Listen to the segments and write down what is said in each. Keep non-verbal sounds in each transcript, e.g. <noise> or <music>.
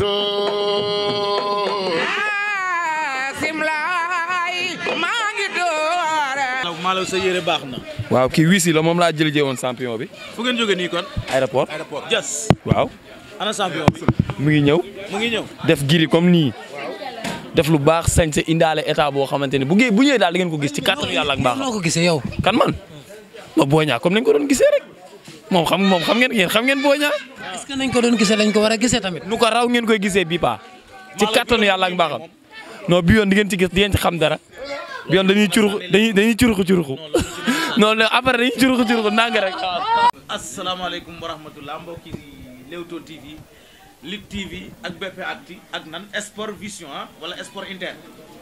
doon ah, maalaw sa yére baax na waaw kii wisi la moom laa jël jee woon champion bi fu ngeen jógee nii kon aéroport aéroport yes waaw ana mu ngi ñëw mu def giri comme nii def lu baax sañ sa indaale état boo xamante ni bu ngeen bu ñëwee daal di ngeen ko gis ci kàttanu yàlla ak baax noo ko gisee yow kan man ma booñaa comme nañ ko doon rek moom xam moom xam ngeen xam ngeen booñaa est-ce que ko doon gisee lañ ko war a gisee tamit. nu ko raw ngeen koy gisee bii paa ci kattanu yàlla ak mbaaxam non bi yoon di ngeen ci gis di xam dara bi yoon dañuy curuxu dañuy dañuy curuxu curuxu <laughs> non non après dañuy curuxu curuxu nang rek. asalaamaaleykum wa rahmatulah mbokki Leewtoo TV Lutte TV ak BP Actu ak nan Sport Vision ah, wala Sport Inter.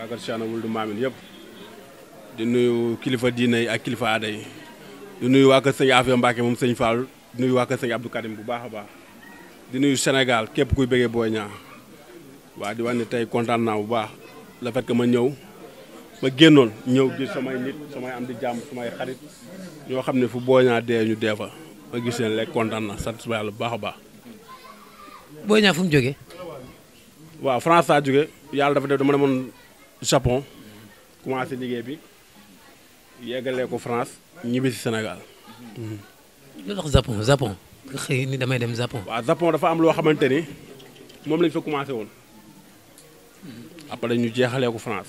waa kër Cheikh Wouldou Maamine yëpp di nuyu kilifa diine yi ak kilifa aada yi di nuyu waa kër sëñ Afia Mbacke moom sëñ Fall di nuyu waa kër sëñ Abdou Karim bu baax a baax di nuyu senegal képp kuy bëggee booy ñaa waa di wax ne tey kontaan naa bu baax la fait que ma ñëw ma génnoon ñëw gis samay nit samay am di jàmm samay xarit ñoo xam ne fu Boy Niang dee ñu dee fa ma gis leen rek kontaan na sant yàlla bu baax a baax. Boy Niang fu mu jógee. waaw France laa jógee yàlla dafa def Japon commencé liggéey bi yeggalee ko France ñibbi si Sénégal. lu tax Japon Japon damay dem Japon. waaw Japon dafa am loo xamante ni moom lañ fa commencé woon après ñu jeexalee ko France.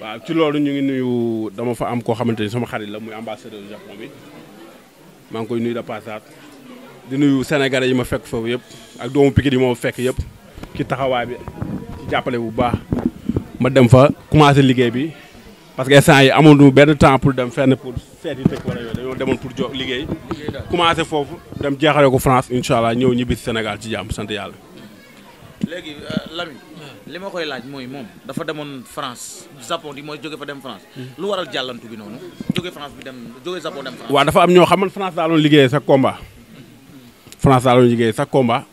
waaw ci loolu ñu ngi nuyu dama fa am koo xamante ni sama xarit la muy ambassadeur Japon bi maa ngi koy nuyu de passage di nuyu sénégalais yi ma fekk foofu yëpp ak doomu Pikine yi ma fekk yëpp ci taxawaay bi ci jàppale bu baax. ma dem fa commencé liggéey bi parce que instant yi amoon benn temps pour dem fenn pour seeti tëkk wala yooyu dañoo demoon pour jo liggéey commencé foofu dem jeexale ko France incha allah ñëw ñibbi Sénégal ci jàmm sant yàlla. léegi euh, Lamine li ma koy laaj mooy moom dafa demoon France Japon di mooy jóge fa dem France hmm. lu waral jàllantu bi noonu jóge bi dem jóge Japon dem France. dafa am ñoo xam xaman France daaloon liggéey sa combat France daaloon liggéeyee sa combat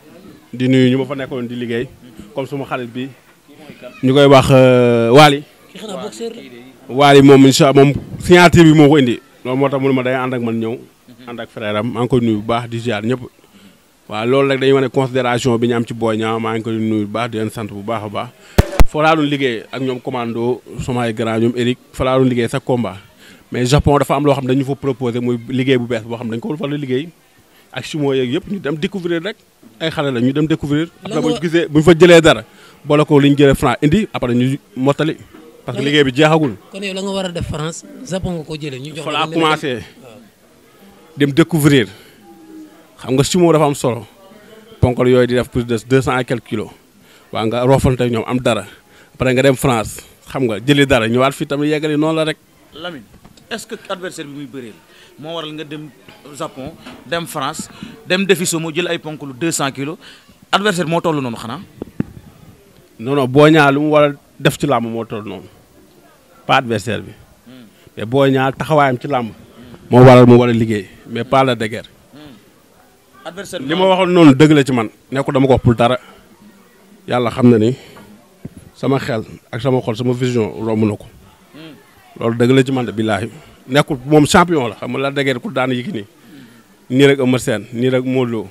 di nuyu ñu ma fa nekkoon di liggéey comme suma xarit bi ñu koy wax Waly. Euh, Waly moom incha allah moom signature bi moo ko indi. loolu moo tax mu ne ma day ànd ak man ñëw. Mhm. ànd ak frère am maa ngi koy nuyu bu baax di ziar ñëpp. waa loolu rek dañuy wane considération bi ñu am ci Boy Niang maa ngi koy nuyu bu baax di leen sant bu baax a baax. fa laa doon liggéey ak ñoom commando sama ay grand ñoom Eric fa laa doon liggéey sa combat. mais Japon dafa am loo xam dañu fa proposé muy liggéey bu bees boo xam dañu ko fa la liggéey. ak chinois yeeg yëpp ñu dem découvrir rek ay la ñu dem découvrir après bu ñu gisee bu ñu fa jëlee dara boole ko li ñu jëlee France indi après ñu mottali. parce que liggéey bi jeexagul. kon yow la war a def France Japon nga ko jëlee ñu jox la commencé dem découvrir xam nga sumo dafa am solo ponkal yooyu di def plus de deux cent et quelques kilos waa nga roofante ñoom am dara après nga dem France xam nga jëli dara ñëwaat fii tamit yeggali noonu la rek. Lamine est-ce que adversaire bi muy bëreel moo waral nga dem Japon dem France dem defi sumo jël ay ponk lu deux cent kilos adversaire moo toll noonu xanaa. non non Boy lu mu war a def ci làmb moo toll noonu pas adversaire bi hmm. mais Boy Niang taxawaayam ci làmb moo waral mu war a liggéey mais pas la dëgër. Hmm. li ma waxoon noonu dëgg la ci man nekku dama ko wax dara yàlla xam na ni sama xel ak sama xol sama vision romb na ko hmm. loolu dëgg la ci man de billaahi nekkul moom champion la xam nga la dëgër ku daan yi nii nii rek Eumeu Sène nii rek Modou Lô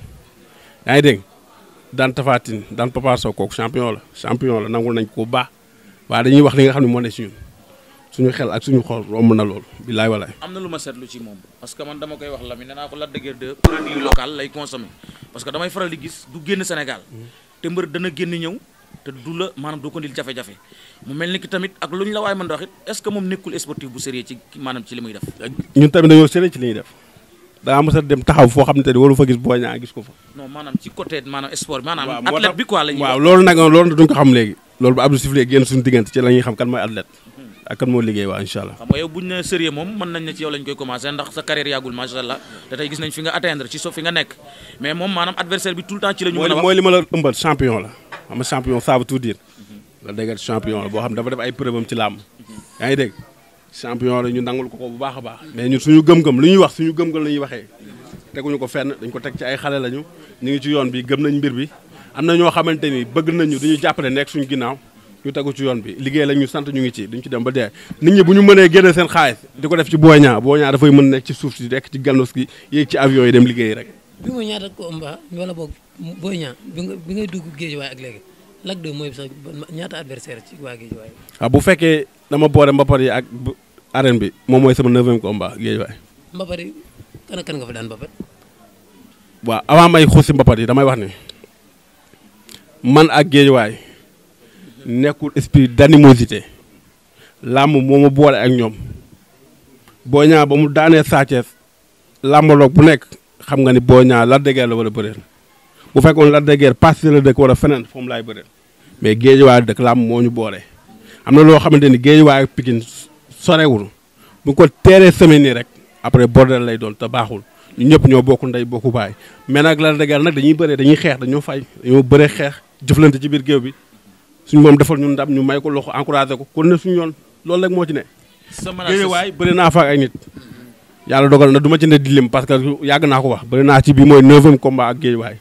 yaa ngi dégg daan tafaatin daan Papa Sow kooku champion la champion la nangul nañ ko baax waaye dañuy wax li nga xam ne moo ne si ñun suñu xel ak suñu xol romb na loolu billaay walaay. am na lu ma seetlu ci moom parce que man dama koy wax Lamine nee naa ko Lac de Guiers 2 produit local que damay faral di gis du génn Sénégal mm. te mbër dana génn ñëw te du la maanaam doo ko ndil jafe-jafe mu mel ni ki tamit ak lu ñu la waaye mën a wax est-ce que moom nekkul sportif bu sérieux ci maanaam ci li muy def. ñun tamit dañoo sérieux ci li ñuy def. danaa mos dem taxaw foo xam te ne waru fa gis boo ñaa gis ko fa. non maanaam ci côté maanaam sport maanaam. athlète bi quoi la ñuy waaw loolu nag loolu duñ ko xam léegi. loolu bu Abdou Siflé génn suñu diggante ci la xam kan mooy athlète. Mhm. ak kan moo liggéey waa incha allah. xam nga yow buñ ne sérieux moom mën nañ ne ci yow lañ koy commencé ndax sa carrière yàggul macha allah te gis nañ fi nga atteindre ci so fi nga nekk mais moom maanaam adversaire bi tout temps a wax mhm. boo xam dafa def champion la ñu nangul ko ko bu baax a baax mais ñun suñu gëm-gëm lu ñuy wax suñu gëm-gëm la ñuy waxee ñu ko fenn dañ ko teg ci ay xale lañu ñu ngi ci yoon bi gëm nañ mbir bi am na ñoo xamante ni bëgg nañu ñu jàppale nekk suñu ginnaaw ñu tegu ci yoon bi liggéey la ñu sant ñu ngi ci duñ ci dem ba dee nit ñi bu ñu mënee génne seen xaalis di ko def ci Boy Niang Boy Niang dafay mën nekk ci suuf si nekk ci gannos gi yéeg ci avion yi dem liggéey rek bi mu ñaata combat wala boog Boy Niang bi nga bi ak léegi Lac 2 mooy sax ñaata adversaire ci waa géej waaye waaw ah, bu fekkee dama boole yi arène bi moom mooy sama neuvième combat Guédiawaye. Mbapat yi kan ak kan nga fa daan Mbapat. waaw avant may xuus si Mbapat yi damay wax ne man ak Guédiawaye nekkul esprit d'animosité làmb moo mu boole ak ñoom boo ñaar ba mu daanee Sa Thiès làmbaloog bu nekk xam nga ni boo ñaar Lac de la war a bëreel bu fekkoon Lac de Guiers Pass la dëkk wala feneen foofu laay bëreel mais géej Guédiawaye dëkk làmb moo ñu boole am na loo xamante ni Guédiawaye ak Pikine sorewul bu ko teeree semaine nii rek après bordel lay doon te baaxul ñu ñëpp ñoo bokk ndey bokku baay mais nag Lac de Guiers nag dañuy bëree dañuy xeex dañoo fay dañoo bëree xeex jëflante ci biir géew bi suñ moom defal ñun ndam ñu may ko loxo encouragé ko kon ne suñu yoon loolu rek moo ci ne. géej waay bëri naa fa ay nit. yàlla dogal na du ma ci ne di lim parce que yàgg naa ko wax bëri naa ci bi mooy neuvième combat ak géej waay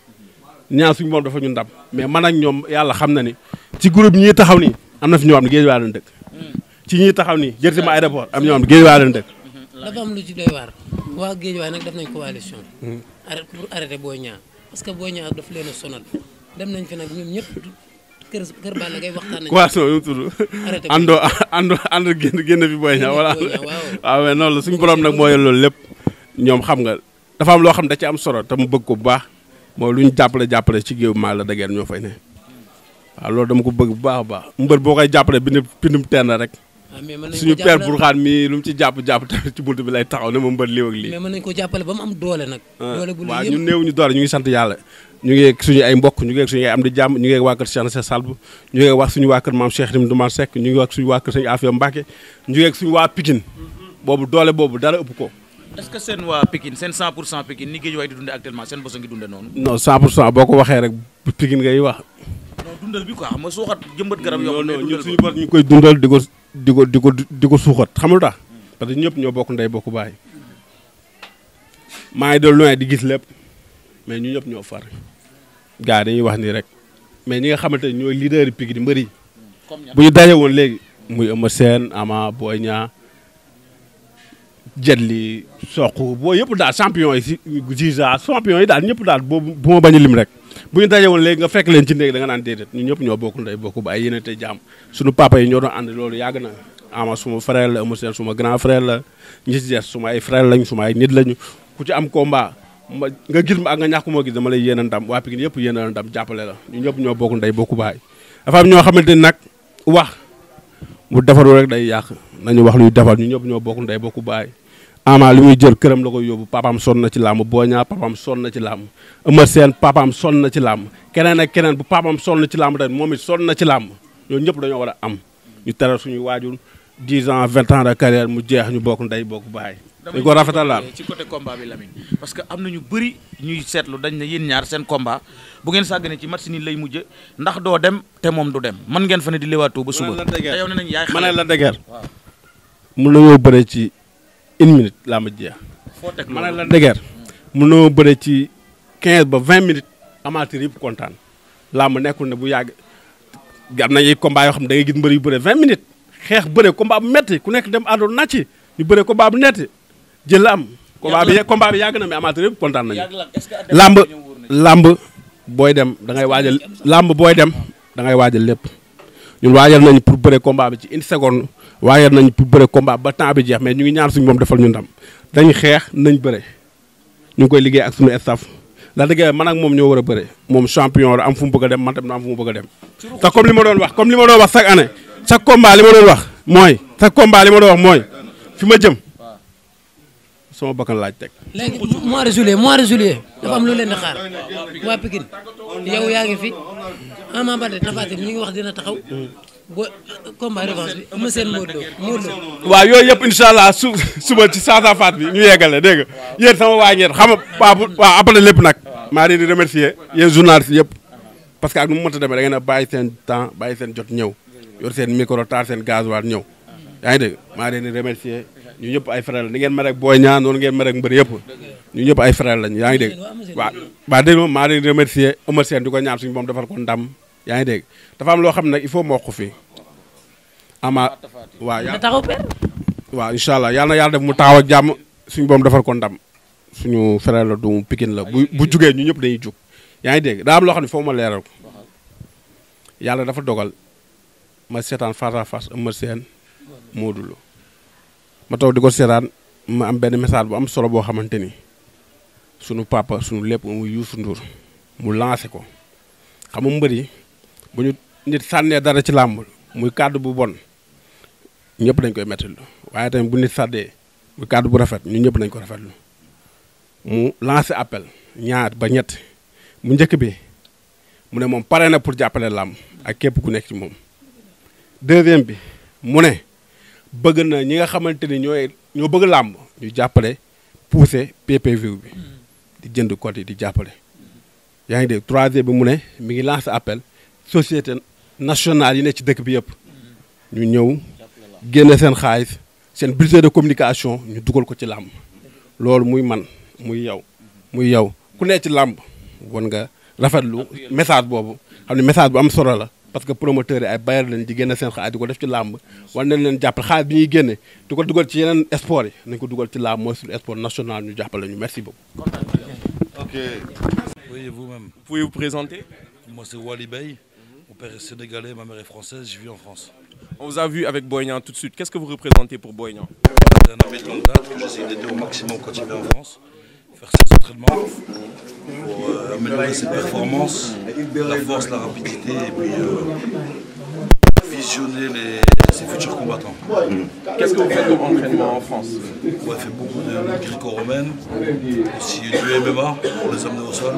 ñaa suñu moom dafa ñu ndam mais man ñoom yàlla xam na ni ci groupe ñi taxaw nii am na ñoo xam ne géej waay dëkk hmm. ci ñi taxaw nii jërëjëf ma aéroport am ñoo xam géejewaay lañ dëkk. dafa am lu ci doy waar. waa géejewaay nag def nañ coalition. Hmm. arrêté pour arrêté parce que Boy Niang daf leen a dem nañ fi nag ñoom ñëpp kër kër Balla Gaye génn génn ah, noonu suñu borom nag loolu lépp ñoom xam nga dafa am loo xam da ci am solo te mu bëgg ko bu baax mooy lu ñu jàppale jàppale ci géew maa la dageen ñoo fay ne waaw loolu dama ko bëgg bu baax baax mbër boo koy jàppale bind bindum teen rek Ah, suñu père Bourkhane mi lu mu ci jàpp jàpp tamit ci bunt bi lay taxaw ne ma mbër lii ak lii. mais mën am doole nag. Ah, doole bu ñu doole ñu ngi sant yàlla. ñu ngi ak suñu ay mbokk ñu ngi ak suñu am di jàmm ñu ngi waa kër Cheikh Sa Salbu ñu ngi ak waa suñu waa kër maam Cheikh Rim Doumar ñu ngi ak suñu waa kër Sëñ Afia Mbacke ñu ngi ak suñu waa Pikine boobu doole boobu dara ëpp ko. est-ce que seen waa Pikine seen 100 pour cent Pikine ni géej waay di dundee actuellement seen bos a noonu. non 100 boo ko waxee rek Pikine ngay dundal bi quoi xam nga suuxat jëmbat garab koy dundal di ko di ko ko di ko lu tax parce que ñëpp ñoo bokk ndey bokk baay maa ngi doon lu di gis lépp mais ñu ñëpp ñoo far gars dañuy wax ni rek mais ñi nga xamante ne ñooy leader yi Pikine mbëri bu ñu daje woon léegi muy Eumeu Sène Ama Boy Niang Jetli Sokh boo yëpp daal champion yi si Ziza champion yi daal ñëpp daal bu ma bañ a lim rek bu ñu daje woon léegi nga fekk leen ci néeg danga nga naan déedéet ñun ñëpp ñoo bokk ndey bokk ba ay yéene te jaam suñu papa yi ñoo doon ànd loolu yàgg na ama suma frère la Eumeu Sène suma grand frère la ñi ci suma ay frère lañ suma ay nit lañu ku ci am combat ma nga gis ma ak nga ñàkk moo gis dama lay yéene ndam waa Pikine yëpp yéene ndam jàppale la ñun ñëpp ñoo bokk ndey bokk baay dafa am ñoo xamante ni nag wax mu defarul rek day yàq nañu wax luy defar ñu ñëpp ñoo bokk ndey bokk baay Ama li muy jël këram la koy yóbbu papaam sonn na ci làmb Boña papaam sonn na ci làmb Eumeu Sène papaam sonn na ci làmb keneen ak keneen bu papaam ci làmb tamit moom it sonn na ci làmb ñooñu ñëpp dañoo war a am ñu teral suñuy waajur 10 ci côté combat bi lay mujj ndax doo dem te moom du dem man ngeen fa di leewaatoo ba suba. te yow ne nañ yaay xale ci une minute laa ma jeex. foo teg ma ne la dëgër mënoo bëre ci quinze ba vingt minutes amateur yëpp kontaan lamb ma ne bu yàgg am na ay combat yoo xam ne da gis mbër yu bëre vingt minutes xeex bëre combat bu metti ku nekk dem àndoon na ci ñu bëre combat bu netti jël la am. combat bi combat bi yàgg na mais amateur yëpp kontaan nañu. làmb làmb booy dem da ngay waajal làmb booy dem da ngay waajal lépp. ñun waajal nañ pour bëre combat bi ci une seconde waajal nañ pour bëre combat ba temps bi jeex mais ñu ngi ñaan suñu moom defal ñu ndam dañ xeex nañ bëre ñu ngi koy liggéey ak suñu staff la dëgg man ak moom ñoo war a bëre moom champion la am fu mu bëgg a dem man tam am fu mu bëgg a dem te comme li ma doon wax comme li ma doon wax chaque année chaque combat li ma doon wax mooy chaque combat li ma doon wax mooy fi ma jëm sama bakkan laaj teg. léegi mois de juillet mois de juillet dafa am lu leen di xaar waa Pikine yow yaa ngi fi Ama Baldé Tapha Tine ñu ngi wax dina taxaw. ba seen Modou Lo Modou Lo. waaw yooyu yëpp incha allah su suba ci saasafaat bi ñu yeggale dégg nga sama waa ñeent xam nga waaw waaw après lépp nag. maa ngi leen di remercier yéen journalistes yëpp parce que ak nu mu mënta demee da ngeen bàyyi seen temps bàyyi seen jot ñëw yor seen micro taar seen gasoil ñëw. yaa ngi dégg maa leen di remercier ñu ñëpp ay frère la ni ngeen booy ñaan noonu ngeen ma rek mbër yëpp ñu ñëpp ay frère lañu yaa ngi dégg waaw waaw dégg moom maa leen di ko ñaan suñu moom defal ko ndam yaa ngi dégg dafa am loo xam ne il faut mokk fi ama waaw waaw incha allah yàlla yàlla mu taxaw ak jàmm suñu boom defal ko ndam suñu frère la du Pikine la bu bu jugee ñu ñëpp dañuy jug yaa ngi dégg daa loo xam ne foo ma leeral ko yàlla dafa dogal ma seetaan face à face Eumeu Sène Modou Lo ma toog di ko seetaan mu am benn message bu am solo boo xamante ni sunu papa sunu lépp muy Youssou Ndour mu lancé ko xam nga mbër yi bu ñu nit sànnee dara ci làmb muy kàddu bu bon ñëpp dañ koy mettilu waaye tamit bu nit sàddee muy kàddu bu rafet ñu ñëpp dañ ko rafet lu mu lancé appel ñaar ba ñett mu njëkk bi mu ne moom pare na pour jàppale làmb ak képp ku nekk ci moom deuxième bi mu ne bëgg na ñi nga xamante ni ñooy ñoo bëgg làmb ñu jàppale pousser PPV bi di jënd code yi di jàppale. yaa ngi dégg troisième bi mu ne mi ngi lancé appel société nationale yi ne ci dëkk bi yëpp ñu ñëw génne seen xaalis seen budget de communication ñu dugal ko ci làmb loolu muy man muy yow muy yow ku ne ci làmb war nga rafetlu message boobu xam ne message bu am solo la. parce que promoteur yi ay bayar lañ di génne seen xaalis di ko def ci làmb war nañ leen jàppale xaalis bi ñuy génne di ko dugal ci yeneen sport yi nañ ko dugal ci làmb mooy sur sport national ñu jàppale ñu merci beaucoup. ok. oui vous-même. pouvez vous présenter. moi c'est Wally Bey. mon père ma mère française je vis en France. on vous a vu avec Boy Niang tout de suite qu'est-ce que vous représentez pour Boy Niang. faire ses entraînements pour euh, améliorer ses performances, la force, la rapidité et puis euh, visionner les, ses futurs combattants. Mmh. Qu'est-ce que vous faites comme entraînement en France On ouais, fait beaucoup de gréco-romaine, aussi du MMA pour les amener au sol,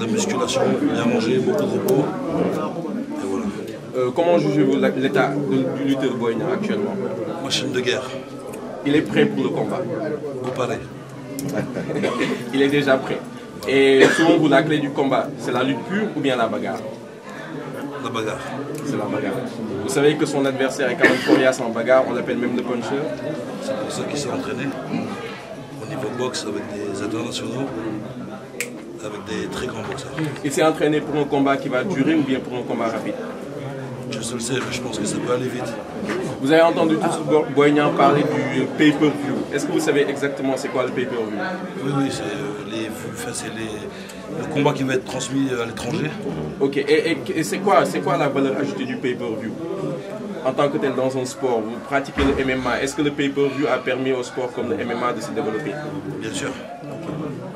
de la musculation, bien manger, beaucoup de repos. Et voilà. Euh, comment jugez-vous l'état du lutteur Boigna actuellement Machine de guerre. Il est prêt pour le combat. Comparé. <laughs> Il est déjà prêt. Et selon la clé du combat, c'est la lutte pure ou bien la bagarre La bagarre. C'est la bagarre. Vous savez que son adversaire est quand même en bagarre, on l'appelle même le puncher. C'est pour ça qu'il s'est entraîné au niveau boxe avec des internationaux, avec des très grands boxeurs. Il s'est entraîné pour un combat qui va durer ou bien pour un combat rapide Dieu seul sait, mais je pense que ça peut aller vite. Vous avez entendu tous Boignan parler du euh, pay-per-view. Est-ce que vous savez exactement c'est quoi le pay-per-view Oui, oui, c'est euh, les, enfin, les, le combat qui va être transmis euh, à l'étranger. Ok, et, et, et c'est quoi, quoi la valeur ajoutée du pay-per-view en tant que tel dans un sport, vous pratiquez le MMA. Est-ce que le pay-per-view a permis au sport comme le MMA de se développer Bien sûr.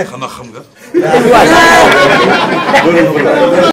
xanaa xam nga. <laughs>